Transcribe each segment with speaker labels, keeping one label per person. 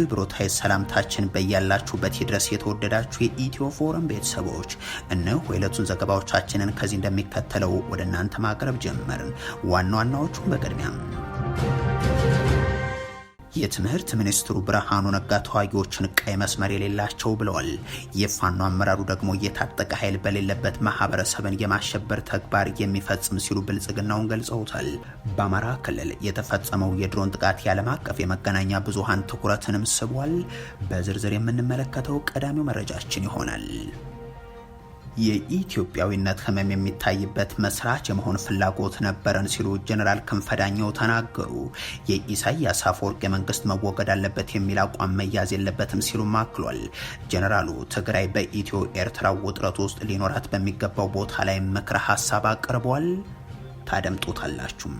Speaker 1: ክብሮታይ ሰላምታችን በያላችሁበት ይድረስ። የተወደዳችሁ የኢትዮ ፎረም ቤተሰቦች እነሆ የዕለቱን ዘገባዎቻችንን ከዚህ እንደሚከተለው ወደ እናንተ ማቅረብ ጀመርን። ዋና ዋናዎቹን በቅድሚያም የትምህርት ሚኒስትሩ ብርሃኑ ነጋ ተዋጊዎችን ቀይ መስመር የሌላቸው ብለዋል። የፋኖ አመራሩ ደግሞ የታጠቀ ኃይል በሌለበት ማህበረሰብን የማሸበር ተግባር የሚፈጽም ሲሉ ብልጽግናውን ገልጸውታል። በአማራ ክልል የተፈጸመው የድሮን ጥቃት የዓለም አቀፍ የመገናኛ ብዙሃን ትኩረትንም ስቧል። በዝርዝር የምንመለከተው ቀዳሚው መረጃችን ይሆናል። የኢትዮጵያዊነት ህመም የሚታይበት መስራች የመሆን ፍላጎት ነበረን ሲሉ ጀኔራል ክንፈ ዳኘው ተናገሩ። የኢሳያስ አፈወርቅ የመንግስት መወገድ አለበት የሚል አቋም መያዝ የለበትም ሲሉ አክሏል። ጀኔራሉ ትግራይ በኢትዮ ኤርትራ ውጥረት ውስጥ ሊኖራት በሚገባው ቦታ ላይ ምክረ ሀሳብ አቅርቧል። ታደምጡታላችሁም።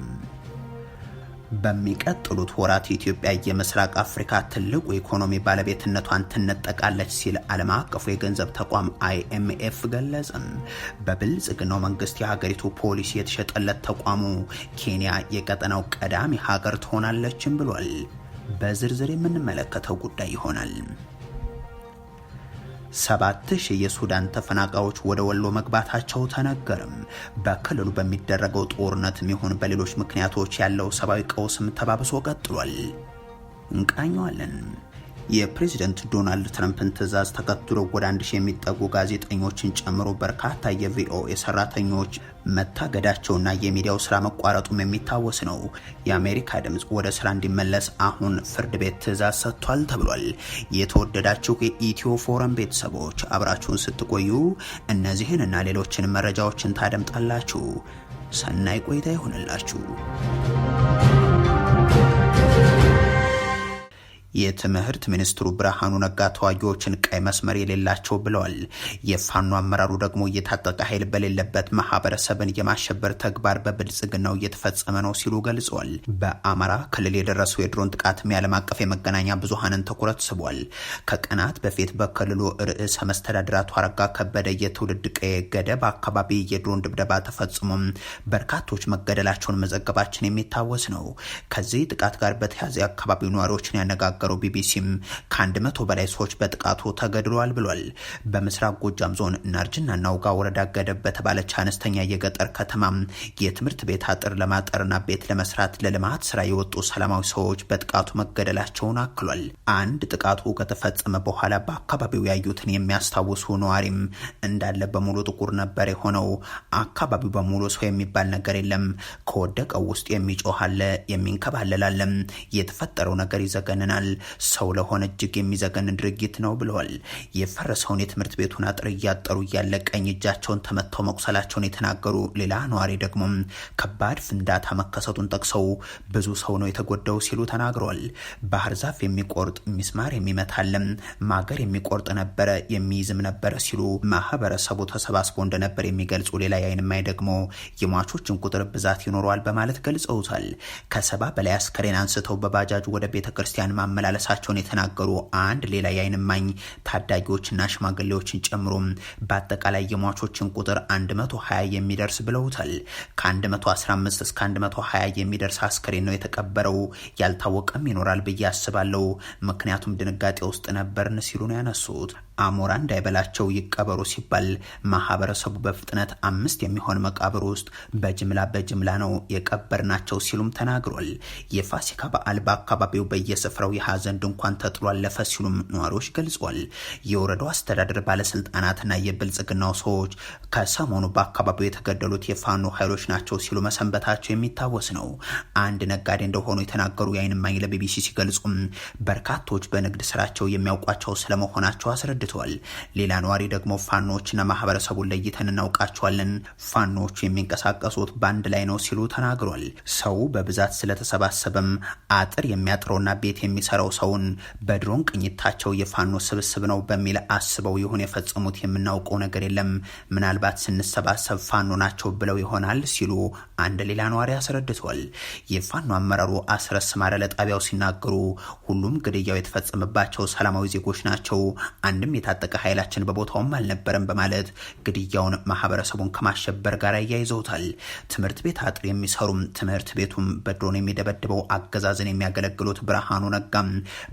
Speaker 1: በሚቀጥሉት ወራት ኢትዮጵያ የምስራቅ አፍሪካ ትልቁ ኢኮኖሚ ባለቤትነቷን ትነጠቃለች ሲል ዓለም አቀፉ የገንዘብ ተቋም አይኤምኤፍ ገለጽም በብልጽግናው መንግስት የሀገሪቱ ፖሊሲ የተሸጠለት ተቋሙ ኬንያ የቀጠናው ቀዳሚ ሀገር ትሆናለችም ብሏል። በዝርዝር የምንመለከተው ጉዳይ ይሆናል። ሰባት ሺህ የሱዳን ተፈናቃዮች ወደ ወሎ መግባታቸው ተነገርም። በክልሉ በሚደረገው ጦርነት የሚሆን በሌሎች ምክንያቶች ያለው ሰብአዊ ቀውስም ተባብሶ ቀጥሏል። እንቃኘዋለን። የፕሬዚደንት ዶናልድ ትራምፕን ትዕዛዝ ተከትሎ ወደ አንድ ሺህ የሚጠጉ ጋዜጠኞችን ጨምሮ በርካታ የቪኦኤ ሰራተኞች መታገዳቸውና የሚዲያው ስራ መቋረጡም የሚታወስ ነው። የአሜሪካ ድምፅ ወደ ስራ እንዲመለስ አሁን ፍርድ ቤት ትዕዛዝ ሰጥቷል ተብሏል። የተወደዳችሁ የኢትዮ ፎረም ቤተሰቦች አብራችሁን ስትቆዩ እነዚህን እና ሌሎችን መረጃዎችን ታደምጣላችሁ። ሰናይ ቆይታ ይሆንላችሁ። የትምህርት ሚኒስትሩ ብርሃኑ ነጋ ተዋጊዎችን ቀይ መስመር የሌላቸው ብለዋል። የፋኖ አመራሩ ደግሞ የታጠቀ ኃይል በሌለበት ማህበረሰብን የማሸበር ተግባር በብልጽግናው እየተፈጸመ ነው ሲሉ ገልጸዋል። በአማራ ክልል የደረሰው የድሮን ጥቃትም የዓለም አቀፍ የመገናኛ ብዙሃንን ትኩረት ስቧል። ከቀናት በፊት በክልሉ ርዕሰ መስተዳድር አቶ አረጋ ከበደ የትውልድ ቀዬ ገደብ አካባቢ የድሮን ድብደባ ተፈጽሞም በርካቶች መገደላቸውን መዘገባችን የሚታወስ ነው። ከዚህ ጥቃት ጋር በተያያዘ የአካባቢው ነዋሪዎችን ያነጋ የተናገረው ቢቢሲም ከአንድ መቶ በላይ ሰዎች በጥቃቱ ተገድለዋል ብሏል። በምስራቅ ጎጃም ዞን ናርጅና ናውጋ ወረዳ ገደብ በተባለች አነስተኛ የገጠር ከተማ የትምህርት ቤት አጥር ለማጠርና ቤት ለመስራት ለልማት ስራ የወጡ ሰላማዊ ሰዎች በጥቃቱ መገደላቸውን አክሏል። አንድ ጥቃቱ ከተፈጸመ በኋላ በአካባቢው ያዩትን የሚያስታውሱ ነዋሪም እንዳለ በሙሉ ጥቁር ነበር የሆነው። አካባቢው በሙሉ ሰው የሚባል ነገር የለም። ከወደቀው ውስጥ የሚጮህ አለ፣ የሚንከባለል አለ። የተፈጠረው ነገር ይዘገንናል። ሰው ለሆነ እጅግ የሚዘገንን ድርጊት ነው ብለዋል። የፈረሰውን የትምህርት ቤቱን አጥር እያጠሩ እያለ ቀኝ እጃቸውን ተመተው መቁሰላቸውን የተናገሩ ሌላ ነዋሪ ደግሞ ከባድ ፍንዳታ መከሰቱን ጠቅሰው ብዙ ሰው ነው የተጎዳው ሲሉ ተናግረዋል። ባህር ዛፍ የሚቆርጥ ሚስማር የሚመታለም ማገር የሚቆርጥ ነበረ የሚይዝም ነበረ ሲሉ ማህበረሰቡ ተሰባስቦ እንደነበር የሚገልጹ ሌላ የአይንማይ ደግሞ የሟቾችን ቁጥር ብዛት ይኖረዋል በማለት ገልጸውታል። ከሰባ በላይ አስከሬን አንስተው በባጃጅ ወደ ቤተ ክርስቲያን ማመ መመላለሳቸውን የተናገሩ አንድ ሌላ የአይን እማኝ ታዳጊዎችና ሽማግሌዎችን ጨምሮ በአጠቃላይ የሟቾችን ቁጥር 120 የሚደርስ ብለውታል። ከ115 እስከ 120 የሚደርስ አስከሬን ነው የተቀበረው። ያልታወቀም ይኖራል ብዬ አስባለሁ። ምክንያቱም ድንጋጤ ውስጥ ነበርን ሲሉ ነው ያነሱት። አሞራ እንዳይበላቸው ይቀበሩ ሲባል ማህበረሰቡ በፍጥነት አምስት የሚሆን መቃብር ውስጥ በጅምላ በጅምላ ነው የቀበር ናቸው ሲሉም ተናግሯል። የፋሲካ በዓል በአካባቢው በየስፍራው የሀዘን ድንኳን ተጥሎ አለፈ ሲሉም ነዋሪዎች ገልጿል። የወረዳው አስተዳደር ባለስልጣናትና የብልጽግናው ሰዎች ከሰሞኑ በአካባቢው የተገደሉት የፋኖ ኃይሎች ናቸው ሲሉ መሰንበታቸው የሚታወስ ነው። አንድ ነጋዴ እንደሆኑ የተናገሩ የአይን እማኝ ለቢቢሲ ሲገልጹም በርካቶች በንግድ ስራቸው የሚያውቋቸው ስለመሆናቸው አስረድቷል። አስረድቷል። ሌላ ነዋሪ ደግሞ እና ማህበረሰቡን ለይተን እናውቃቸዋለን፣ ፋኖዎቹ የሚንቀሳቀሱት በአንድ ላይ ነው ሲሉ ተናግሯል። ሰው በብዛት ስለተሰባሰበም አጥር የሚያጥረውና ቤት የሚሰራው ሰውን በድሮን ቅኝታቸው የፋኖ ስብስብ ነው በሚል አስበው ይሁን የፈጸሙት የምናውቀው ነገር የለም። ምናልባት ስንሰባሰብ ፋኖ ናቸው ብለው ይሆናል ሲሉ አንድ ሌላ ነዋሪ አስረድቷል። የፋኖ አመራሩ አስረስ ማረ ለጣቢያው ሲናገሩ ሁሉም ግድያው የተፈጸመባቸው ሰላማዊ ዜጎች ናቸው፣ አንድም የታጠቀ ኃይላችን በቦታውም አልነበረም በማለት ግድያውን ማህበረሰቡን ከማሸበር ጋር አያይዘውታል። ትምህርት ቤት አጥር የሚሰሩም ትምህርት ቤቱም በድሮን የሚደበድበው አገዛዝን የሚያገለግሉት ብርሃኑ ነጋም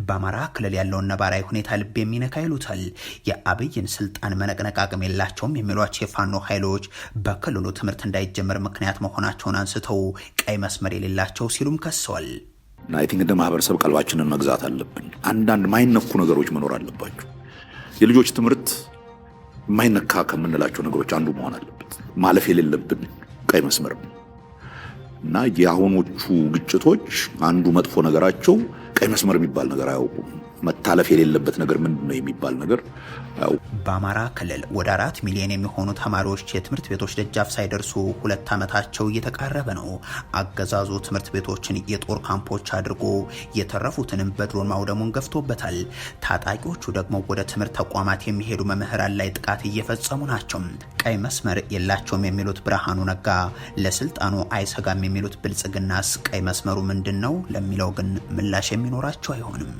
Speaker 1: በአማራ ክልል ያለውን ነባራዊ ሁኔታ ልብ የሚነካ ይሉታል። የአብይን ስልጣን መነቅነቅ አቅም የላቸውም የሚሏቸው የፋኖ ኃይሎች በክልሉ ትምህርት እንዳይጀምር ምክንያት መሆናቸው መሆናቸውን አንስተው ቀይ መስመር የሌላቸው ሲሉም ከሰዋል። አይ ቲንክ እንደ ማህበረሰብ ቀልባችንን መግዛት አለብን። አንዳንድ ማይነኩ ነገሮች መኖር አለባቸው። የልጆች ትምህርት የማይነካ ከምንላቸው ነገሮች አንዱ መሆን አለበት። ማለፍ የሌለብን ቀይ መስመር እና የአሁኖቹ ግጭቶች አንዱ መጥፎ ነገራቸው ቀይ መስመር የሚባል ነገር አያውቁም። መታለፍ የሌለበት ነገር ምንድን ነው የሚባል ነገር በአማራ ክልል ወደ አራት ሚሊዮን የሚሆኑ ተማሪዎች የትምህርት ቤቶች ደጃፍ ሳይደርሱ ሁለት ዓመታቸው እየተቃረበ ነው። አገዛዙ ትምህርት ቤቶችን የጦር ካምፖች አድርጎ የተረፉትንም በድሮን ማውደሙን ገፍቶበታል። ታጣቂዎቹ ደግሞ ወደ ትምህርት ተቋማት የሚሄዱ መምህራን ላይ ጥቃት እየፈጸሙ ናቸው። ቀይ መስመር የላቸውም የሚሉት ብርሃኑ ነጋ፣ ለስልጣኑ አይሰጋም የሚሉት ብልጽግናስ ቀይ መስመሩ ምንድን ነው ለሚለው ግን ምላሽ የሚኖራቸው አይሆንም።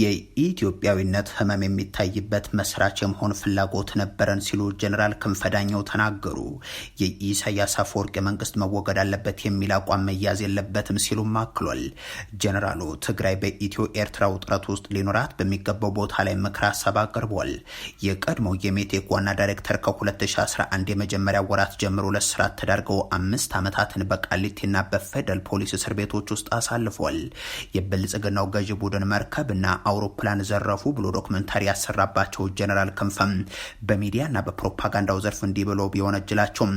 Speaker 1: የኢትዮጵያዊነት ህመም የሚታይበት መስራች የመሆን ፍላጎት ነበረን ሲሉ ጀኔራል ክንፈዳኛው ተናገሩ። የኢሳያስ አፈወርቅ መንግስት መወገድ አለበት የሚል አቋም መያዝ የለበትም ሲሉም አክሏል። ጀኔራሉ ትግራይ በኢትዮ ኤርትራ ውጥረት ውስጥ ሊኖራት በሚገባው ቦታ ላይ ምክር ሀሳብ አቅርቧል። የቀድሞው የሜቴክ ዋና ዳይሬክተር ከ2011 የመጀመሪያ ወራት ጀምሮ ለስራት ተዳርገው አምስት ዓመታትን በቃሊቲና በፌደራል ፖሊስ እስር ቤቶች ውስጥ አሳልፏል። የብልጽግናው ገዢ ቡድን መርከብና አውሮፕላን ዘረፉ ብሎ ዶክመንታሪ ያሰራባቸው ጀነራል ክንፈም በሚዲያና በፕሮፓጋንዳው ዘርፍ እንዲህ ብሎ ቢወነጅላቸውም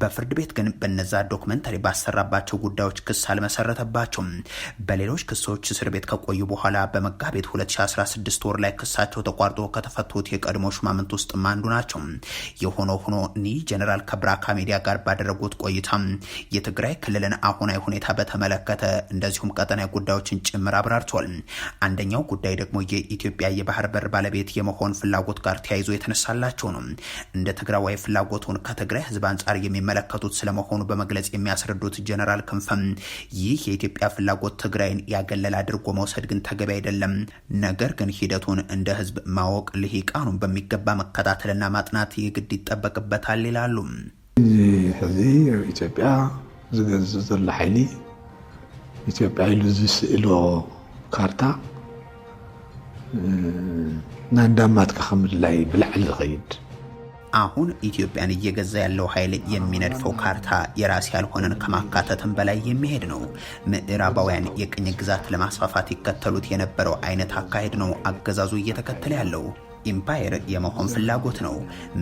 Speaker 1: በፍርድ ቤት ግን በነዛ ዶክመንታሪ ባሰራባቸው ጉዳዮች ክስ አልመሰረተባቸውም። በሌሎች ክሶች እስር ቤት ከቆዩ በኋላ በመጋቤት 2016 ወር ላይ ክሳቸው ተቋርጦ ከተፈቱት የቀድሞ ሹማምንት ውስጥም አንዱ ናቸው። የሆነ ሆኖ እኒህ ጀነራል ከብራካ ሚዲያ ጋር ባደረጉት ቆይታ የትግራይ ክልልን አሁናዊ ሁኔታ በተመለከተ እንደዚሁም ቀጠናዊ ጉዳዮችን ጭምር አብራርቷል። አንደኛው ጉዳይ ጉዳይ ደግሞ የኢትዮጵያ የባህር በር ባለቤት የመሆን ፍላጎት ጋር ተያይዞ የተነሳላቸው ነው። እንደ ትግራዋይ ፍላጎቱን ከትግራይ ህዝብ አንጻር የሚመለከቱት ስለመሆኑ በመግለጽ የሚያስረዱት ጀነራል ክንፈም ይህ የኢትዮጵያ ፍላጎት ትግራይን ያገለል አድርጎ መውሰድ ግን ተገቢ አይደለም፣ ነገር ግን ሂደቱን እንደ ህዝብ ማወቅ ልሂቃኑን በሚገባ መከታተልና ማጥናት የግድ ይጠበቅበታል ይላሉ። ሕዚ ኢትዮጵያ ዝገዝእ ዘሎ ሓይሊ ኢትዮጵያ ኢሉ ዝስእሎ ካርታ ናንዳማት እንዳማትካ ላይ ብላዕሊ ዝኸይድ አሁን ኢትዮጵያን እየገዛ ያለው ኃይል የሚነድፈው ካርታ የራስ ያልሆነን ከማካተትም በላይ የሚሄድ ነው። ምዕራባውያን የቅኝ ግዛት ለማስፋፋት ይከተሉት የነበረው አይነት አካሄድ ነው አገዛዙ እየተከተለ ያለው። ኢምፓየር የመሆን ፍላጎት ነው።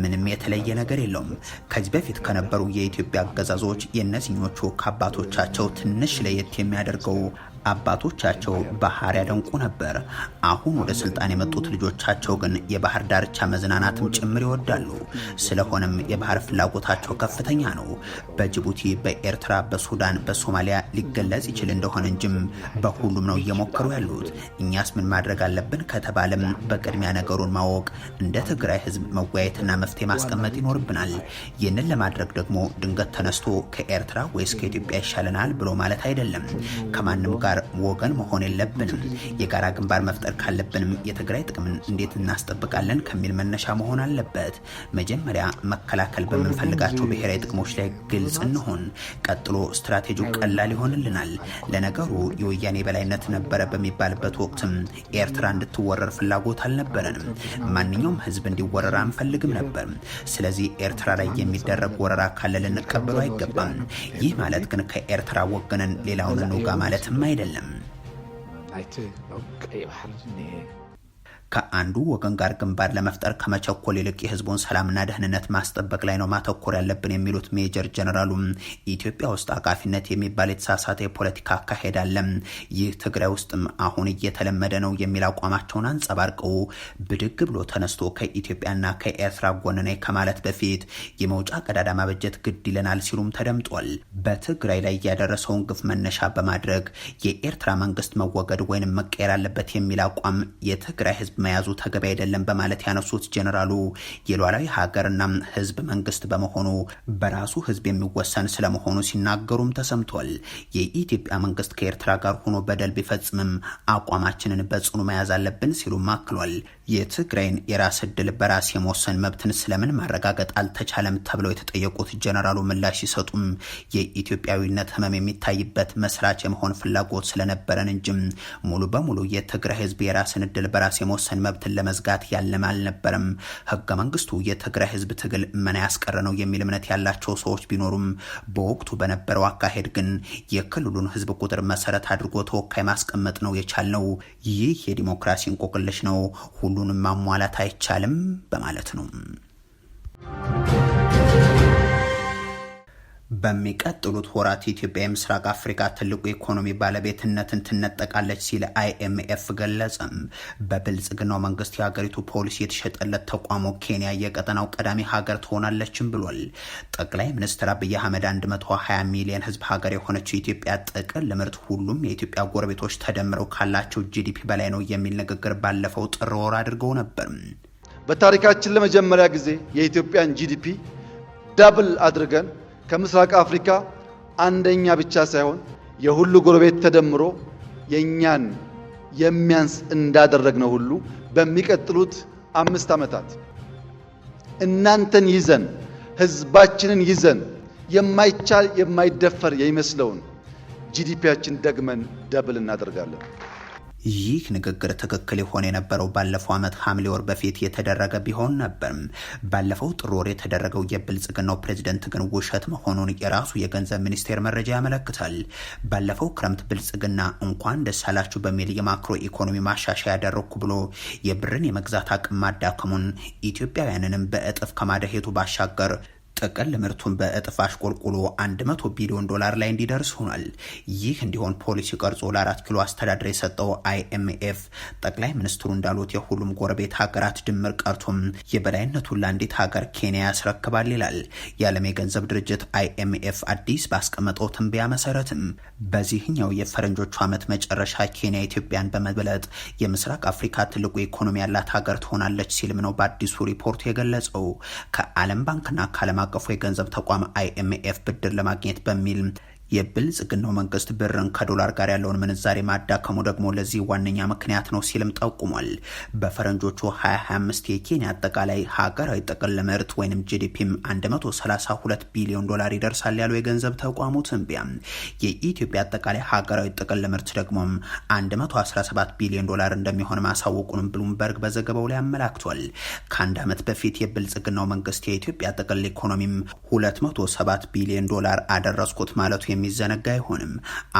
Speaker 1: ምንም የተለየ ነገር የለውም። ከዚህ በፊት ከነበሩ የኢትዮጵያ አገዛዞች የእነዚኞቹ ከአባቶቻቸው ትንሽ ለየት የሚያደርገው አባቶቻቸው ባህር ያደንቁ ነበር። አሁን ወደ ስልጣን የመጡት ልጆቻቸው ግን የባህር ዳርቻ መዝናናትም ጭምር ይወዳሉ። ስለሆነም የባህር ፍላጎታቸው ከፍተኛ ነው። በጅቡቲ፣ በኤርትራ፣ በሱዳን፣ በሶማሊያ ሊገለጽ ይችል እንደሆነ እንጂም በሁሉም ነው እየሞከሩ ያሉት። እኛስ ምን ማድረግ አለብን ከተባለም በቅድሚያ ነገሩን ማወቅ፣ እንደ ትግራይ ህዝብ መወያየትና መፍትሄ ማስቀመጥ ይኖርብናል። ይህንን ለማድረግ ደግሞ ድንገት ተነስቶ ከኤርትራ ወይስ ከኢትዮጵያ ይሻለናል ብሎ ማለት አይደለም። ከማንም ጋር ጋር ወገን መሆን የለብንም። የጋራ ግንባር መፍጠር ካለብንም የትግራይ ጥቅምን እንዴት እናስጠብቃለን ከሚል መነሻ መሆን አለበት። መጀመሪያ መከላከል በምንፈልጋቸው ብሔራዊ ጥቅሞች ላይ ግልጽ እንሆን። ቀጥሎ ስትራቴጂው ቀላል ይሆንልናል። ለነገሩ የወያኔ በላይነት ነበረ በሚባልበት ወቅትም ኤርትራ እንድትወረር ፍላጎት አልነበረንም። ማንኛውም ህዝብ እንዲወረር አንፈልግም ነበር። ስለዚህ ኤርትራ ላይ የሚደረግ ወረራ ካለ ልንቀበሉ አይገባም። ይህ ማለት ግን ከኤርትራ ወገነን ሌላውን እንውጋ ማለትም አይደለም። አይደለም። ናይቲ ቀይ ባህር ከአንዱ ወገን ጋር ግንባር ለመፍጠር ከመቸኮል ይልቅ የህዝቡን ሰላምና ደህንነት ማስጠበቅ ላይ ነው ማተኮር ያለብን የሚሉት ሜጀር ጀነራሉም ኢትዮጵያ ውስጥ አቃፊነት የሚባል የተሳሳተ የፖለቲካ አካሄድ አለ፣ ይህ ትግራይ ውስጥም አሁን እየተለመደ ነው የሚል አቋማቸውን አንጸባርቀው ብድግ ብሎ ተነስቶ ከኢትዮጵያና ከኤርትራ ጎን ነኝ ከማለት በፊት የመውጫ ቀዳዳ ማበጀት ግድ ይለናል ሲሉም ተደምጧል። በትግራይ ላይ ያደረሰውን ግፍ መነሻ በማድረግ የኤርትራ መንግስት መወገድ ወይንም መቀየር አለበት የሚል አቋም የትግራይ ህዝብ መያዙ ተገቢ አይደለም በማለት ያነሱት ጀነራሉ የሉዓላዊ ሀገርና ህዝብ መንግስት በመሆኑ በራሱ ህዝብ የሚወሰን ስለመሆኑ ሲናገሩም ተሰምቷል። የኢትዮጵያ መንግስት ከኤርትራ ጋር ሆኖ በደል ቢፈጽምም አቋማችንን በጽኑ መያዝ አለብን ሲሉም አክሏል። የትግራይን የራስ እድል በራስ የመወሰን መብትን ስለምን ማረጋገጥ አልተቻለም ተብለው የተጠየቁት ጀነራሉ ምላሽ ሲሰጡም የኢትዮጵያዊነት ህመም የሚታይበት መስራች የመሆን ፍላጎት ስለነበረን እንጂም ሙሉ በሙሉ የትግራይ ህዝብ የራስን እድል በራስ የመወሰን የመወሰን መብትን ለመዝጋት ያለም አልነበረም። ህገ መንግስቱ የትግራይ ህዝብ ትግል መና ያስቀረ ነው የሚል እምነት ያላቸው ሰዎች ቢኖሩም በወቅቱ በነበረው አካሄድ ግን የክልሉን ህዝብ ቁጥር መሰረት አድርጎ ተወካይ ማስቀመጥ ነው የቻልነው። ይህ የዲሞክራሲ እንቆቅልሽ ነው፣ ሁሉንም ማሟላት አይቻልም በማለት ነው። በሚቀጥሉት ወራት ኢትዮጵያ የምስራቅ አፍሪካ ትልቁ ኢኮኖሚ ባለቤትነትን ትነጠቃለች ሲል አይኤምኤፍ ገለጸም። በብልጽግናው መንግስት የሀገሪቱ ፖሊሲ የተሸጠለት ተቋሙ ኬንያ የቀጠናው ቀዳሚ ሀገር ትሆናለችም ብሏል። ጠቅላይ ሚኒስትር አብይ አህመድ 120 ሚሊዮን ህዝብ ሀገር የሆነችው ኢትዮጵያ ጥቅል ምርት ሁሉም የኢትዮጵያ ጎረቤቶች ተደምረው ካላቸው ጂዲፒ በላይ ነው የሚል ንግግር ባለፈው ጥር ወር አድርገው ነበር። በታሪካችን ለመጀመሪያ ጊዜ የኢትዮጵያን ጂዲፒ ዳብል አድርገን ከምስራቅ አፍሪካ አንደኛ ብቻ ሳይሆን የሁሉ ጎረቤት ተደምሮ የእኛን የሚያንስ እንዳደረግነው ሁሉ በሚቀጥሉት አምስት ዓመታት እናንተን ይዘን ህዝባችንን ይዘን የማይቻል የማይደፈር የሚመስለውን ጂዲፒያችን ደግመን ደብል እናደርጋለን። ይህ ንግግር ትክክል የሆነ የነበረው ባለፈው ዓመት ሐምሌ ወር በፊት የተደረገ ቢሆን ነበር። ባለፈው ጥር ወር የተደረገው የብልጽግናው ፕሬዝደንት ግን ውሸት መሆኑን የራሱ የገንዘብ ሚኒስቴር መረጃ ያመለክታል። ባለፈው ክረምት ብልጽግና እንኳን ደስ አላችሁ በሚል የማክሮ ኢኮኖሚ ማሻሻያ ያደረግኩ ብሎ የብርን የመግዛት አቅም ማዳከሙን ኢትዮጵያውያንንም በእጥፍ ከማደሄቱ ባሻገር ጥቅል ምርቱን በእጥፍ አሽቆልቁሎ 100 ቢሊዮን ዶላር ላይ እንዲደርስ ሆኗል። ይህ እንዲሆን ፖሊሲ ቀርጾ ለአራት ኪሎ አስተዳደር የሰጠው አይኤምኤፍ ጠቅላይ ሚኒስትሩ እንዳሉት የሁሉም ጎረቤት ሀገራት ድምር ቀርቶም የበላይነቱን ለአንዲት ሀገር ኬንያ ያስረክባል ይላል የዓለም የገንዘብ ድርጅት አይኤምኤፍ አዲስ ባስቀመጠው ትንበያ መሰረትም በዚህኛው የፈረንጆቹ ዓመት መጨረሻ ኬንያ ኢትዮጵያን በመብለጥ የምስራቅ አፍሪካ ትልቁ ኢኮኖሚ ያላት ሀገር ትሆናለች ሲልም ነው በአዲሱ ሪፖርቱ የገለጸው ከዓለም ባንክና ከዓለም አቀፉ የገንዘብ ተቋም አይኤምኤፍ ብድር ለማግኘት በሚል የብልጽግናው መንግስት ብርን ከዶላር ጋር ያለውን ምንዛሬ ማዳከሙ ደግሞ ለዚህ ዋነኛ ምክንያት ነው ሲልም ጠቁሟል። በፈረንጆቹ 2025 የኬንያ አጠቃላይ ሀገራዊ ጥቅል ምርት ወይም ጂዲፒም 132 ቢሊዮን ዶላር ይደርሳል ያለው የገንዘብ ተቋሙ ትንቢያ፣ የኢትዮጵያ አጠቃላይ ሀገራዊ ጥቅል ምርት ደግሞ 117 ቢሊዮን ዶላር እንደሚሆን ማሳወቁንም ብሉምበርግ በዘገባው ላይ አመላክቷል። ከአንድ ዓመት በፊት የብልጽግናው መንግስት የኢትዮጵያ ጥቅል ኢኮኖሚም 207 ቢሊዮን ዶላር አደረስኩት ማለቱ የሚዘነጋ አይሆንም።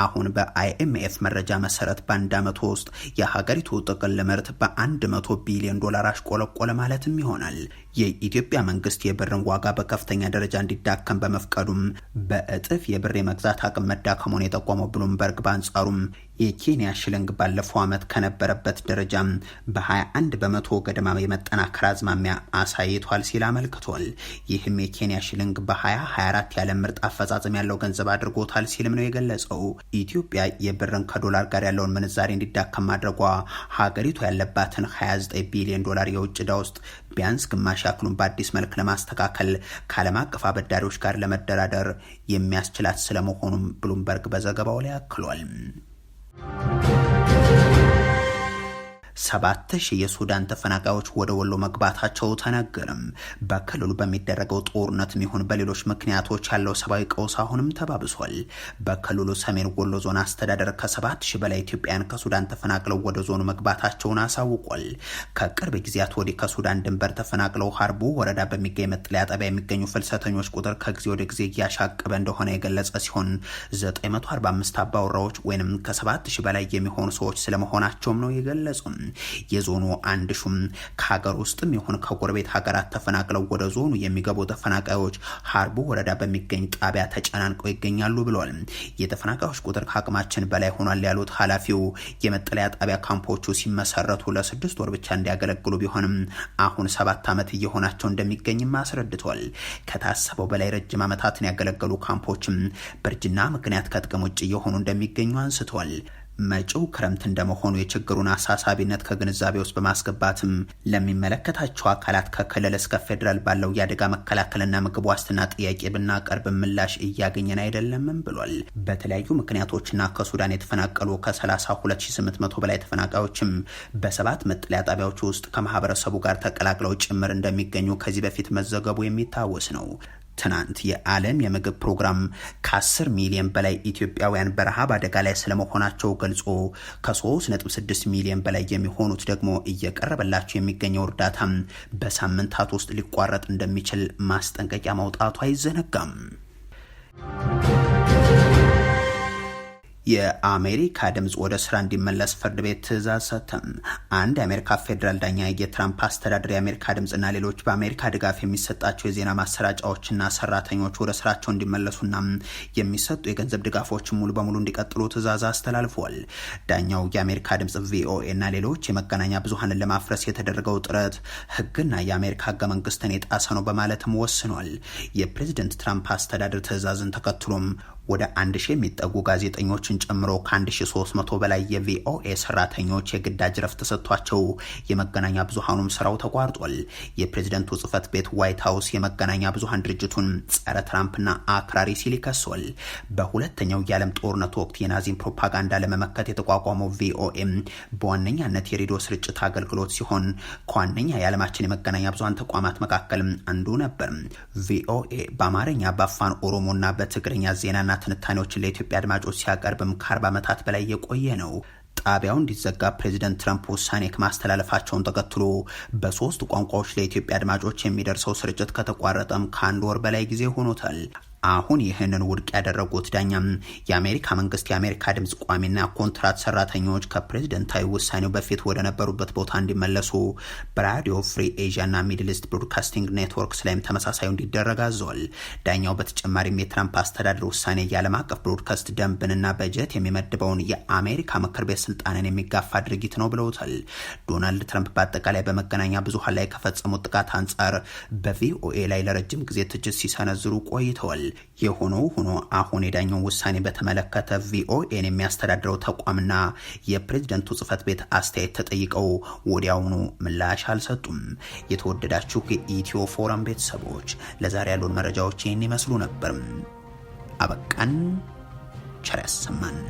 Speaker 1: አሁን በአይኤምኤፍ መረጃ መሰረት በአንድ ዓመት ውስጥ የሀገሪቱ ጥቅል ምርት በአንድ መቶ ቢሊዮን ዶላር አሽቆለቆለ ማለትም ይሆናል። የኢትዮጵያ መንግስት የብርን ዋጋ በከፍተኛ ደረጃ እንዲዳከም በመፍቀዱም በእጥፍ የብር የመግዛት አቅም መዳከሙን የጠቆመው ብሉምበርግ በአንጻሩም የኬንያ ሽልንግ ባለፈው ዓመት ከነበረበት ደረጃ በ21 በመቶ ገደማ የመጠናከር አዝማሚያ አሳይቷል ሲል አመልክቷል። ይህም የኬንያ ሽልንግ በ2024 ያለ ምርጥ አፈጻጸም ያለው ገንዘብ አድርጎታል ሲልም ነው የገለጸው። ኢትዮጵያ የብርን ከዶላር ጋር ያለውን ምንዛሬ እንዲዳከም ማድረጓ ሀገሪቱ ያለባትን 29 ቢሊዮን ዶላር የውጭ ዕዳ ውስጥ ቢያንስ ግማሽ ያክሉን በአዲስ መልክ ለማስተካከል ከዓለም አቀፍ አበዳሪዎች ጋር ለመደራደር የሚያስችላት ስለመሆኑም ብሉምበርግ በዘገባው ላይ አክሏል። ሰባት ሺህ የሱዳን ተፈናቃዮች ወደ ወሎ መግባታቸው ተነገርም። በክልሉ በሚደረገው ጦርነት ሚሆን በሌሎች ምክንያቶች ያለው ሰብአዊ ቀውስ አሁንም ተባብሷል። በክልሉ ሰሜን ወሎ ዞን አስተዳደር ከሰባት ሺህ በላይ ኢትዮጵያን ከሱዳን ተፈናቅለው ወደ ዞኑ መግባታቸውን አሳውቋል። ከቅርብ ጊዜያት ወዲህ ከሱዳን ድንበር ተፈናቅለው ሀርቡ ወረዳ በሚገኝ መጠለያ ጣቢያ የሚገኙ ፍልሰተኞች ቁጥር ከጊዜ ወደ ጊዜ እያሻቀበ እንደሆነ የገለጸ ሲሆን 945 አባወራዎች ወይም ከ7000 በላይ የሚሆኑ ሰዎች ስለመሆናቸውም ነው የገለጹም። የዞኑ አንድ ሹም ከሀገር ውስጥም የሆን ከጎረቤት ሀገራት ተፈናቅለው ወደ ዞኑ የሚገቡ ተፈናቃዮች ሀርቡ ወረዳ በሚገኝ ጣቢያ ተጨናንቀው ይገኛሉ ብለዋል። የተፈናቃዮች ቁጥር ከአቅማችን በላይ ሆኗል ያሉት ኃላፊው የመጠለያ ጣቢያ ካምፖቹ ሲመሰረቱ ለስድስት ወር ብቻ እንዲያገለግሉ ቢሆንም አሁን ሰባት ዓመት እየሆናቸው እንደሚገኝም አስረድተዋል። ከታሰበው በላይ ረጅም ዓመታትን ያገለገሉ ካምፖችም በእርጅና ምክንያት ከጥቅም ውጭ እየሆኑ እንደሚገኙ አንስተዋል። መጪው ክረምት እንደመሆኑ የችግሩን አሳሳቢነት ከግንዛቤ ውስጥ በማስገባትም ለሚመለከታቸው አካላት ከክልል እስከ ፌዴራል ባለው የአደጋ መከላከልና ምግብ ዋስትና ጥያቄ ብናቀርብ ምላሽ እያገኘን አይደለምም ብሏል። በተለያዩ ምክንያቶችና ከሱዳን የተፈናቀሉ ከ32800 በላይ ተፈናቃዮችም በሰባት መጠለያ ጣቢያዎች ውስጥ ከማህበረሰቡ ጋር ተቀላቅለው ጭምር እንደሚገኙ ከዚህ በፊት መዘገቡ የሚታወስ ነው። ትናንት የዓለም የምግብ ፕሮግራም ከ10 ሚሊዮን በላይ ኢትዮጵያውያን በረሃብ አደጋ ላይ ስለመሆናቸው ገልጾ ከ3.6 ሚሊዮን በላይ የሚሆኑት ደግሞ እየቀረበላቸው የሚገኘው እርዳታ በሳምንታት ውስጥ ሊቋረጥ እንደሚችል ማስጠንቀቂያ ማውጣቱ አይዘነጋም። የአሜሪካ ድምፅ ወደ ስራ እንዲመለስ ፍርድ ቤት ትእዛዝ ሰተም። አንድ የአሜሪካ ፌዴራል ዳኛ የትራምፕ አስተዳደር የአሜሪካ ድምፅና ሌሎች በአሜሪካ ድጋፍ የሚሰጣቸው የዜና ማሰራጫዎችና ሰራተኞች ወደ ስራቸው እንዲመለሱና የሚሰጡ የገንዘብ ድጋፎች ሙሉ በሙሉ እንዲቀጥሉ ትእዛዝ አስተላልፏል። ዳኛው የአሜሪካ ድምፅ ቪኦኤና ሌሎች የመገናኛ ብዙሀንን ለማፍረስ የተደረገው ጥረት ህግና የአሜሪካ ህገ መንግስትን የጣሰ ነው በማለትም ወስኗል። የፕሬዚደንት ትራምፕ አስተዳደር ትእዛዝን ተከትሎም ወደ 1000 የሚጠጉ ጋዜጠኞችን ጨምሮ ከ1300 በላይ የቪኦኤ ሰራተኞች የግዳጅ ረፍት ተሰጥቷቸው የመገናኛ ብዙሃኑም ስራው ተቋርጧል። የፕሬዝደንቱ ጽህፈት ቤት ዋይት ሀውስ የመገናኛ ብዙሃን ድርጅቱን ጸረ ትራምፕና አክራሪ ሲል ይከሷል። በሁለተኛው የዓለም ጦርነት ወቅት የናዚን ፕሮፓጋንዳ ለመመከት የተቋቋመው ቪኦኤም በዋነኛነት የሬዲዮ ስርጭት አገልግሎት ሲሆን ከዋነኛ የዓለማችን የመገናኛ ብዙሃን ተቋማት መካከል አንዱ ነበር። ቪኦኤ በአማርኛ፣ በአፋን ኦሮሞና በትግርኛ ዜናና ትንታኔዎችን ለኢትዮጵያ አድማጮች ሲያቀርብም ከአርባ ዓመታት በላይ የቆየ ነው። ጣቢያው እንዲዘጋ ፕሬዚደንት ትራምፕ ውሳኔ ከማስተላለፋቸውን ተከትሎ በሶስት ቋንቋዎች ለኢትዮጵያ አድማጮች የሚደርሰው ስርጭት ከተቋረጠም ከአንድ ወር በላይ ጊዜ ሆኖታል። አሁን ይህንን ውድቅ ያደረጉት ዳኛም የአሜሪካ መንግስት የአሜሪካ ድምፅ ቋሚና ኮንትራት ሰራተኞች ከፕሬዝደንታዊ ውሳኔው በፊት ወደ ነበሩበት ቦታ እንዲመለሱ በራዲዮ ፍሪ ኤዥያና ሚድልስት ብሮድካስቲንግ ኔትወርክስ ላይም ተመሳሳዩ እንዲደረግ አዟል። ዳኛው በተጨማሪም የትራምፕ አስተዳደር ውሳኔ የዓለም አቀፍ ብሮድካስት ደንብንና በጀት የሚመድበውን የአሜሪካ ምክር ቤት ስልጣንን የሚጋፋ ድርጊት ነው ብለውታል። ዶናልድ ትራምፕ በአጠቃላይ በመገናኛ ብዙሀን ላይ ከፈጸሙት ጥቃት አንጻር በቪኦኤ ላይ ለረጅም ጊዜ ትችት ሲሰነዝሩ ቆይተዋል። የሆነው ሆኖ አሁን የዳኛው ውሳኔ በተመለከተ ቪኦኤን የሚያስተዳድረው ተቋምና የፕሬዝደንቱ ጽህፈት ቤት አስተያየት ተጠይቀው ወዲያውኑ ምላሽ አልሰጡም። የተወደዳችሁ የኢትዮ ፎረም ቤተሰቦች ለዛሬ ያሉን መረጃዎች ይህን ይመስሉ ነበርም። አበቃን። ቸር ያሰማን።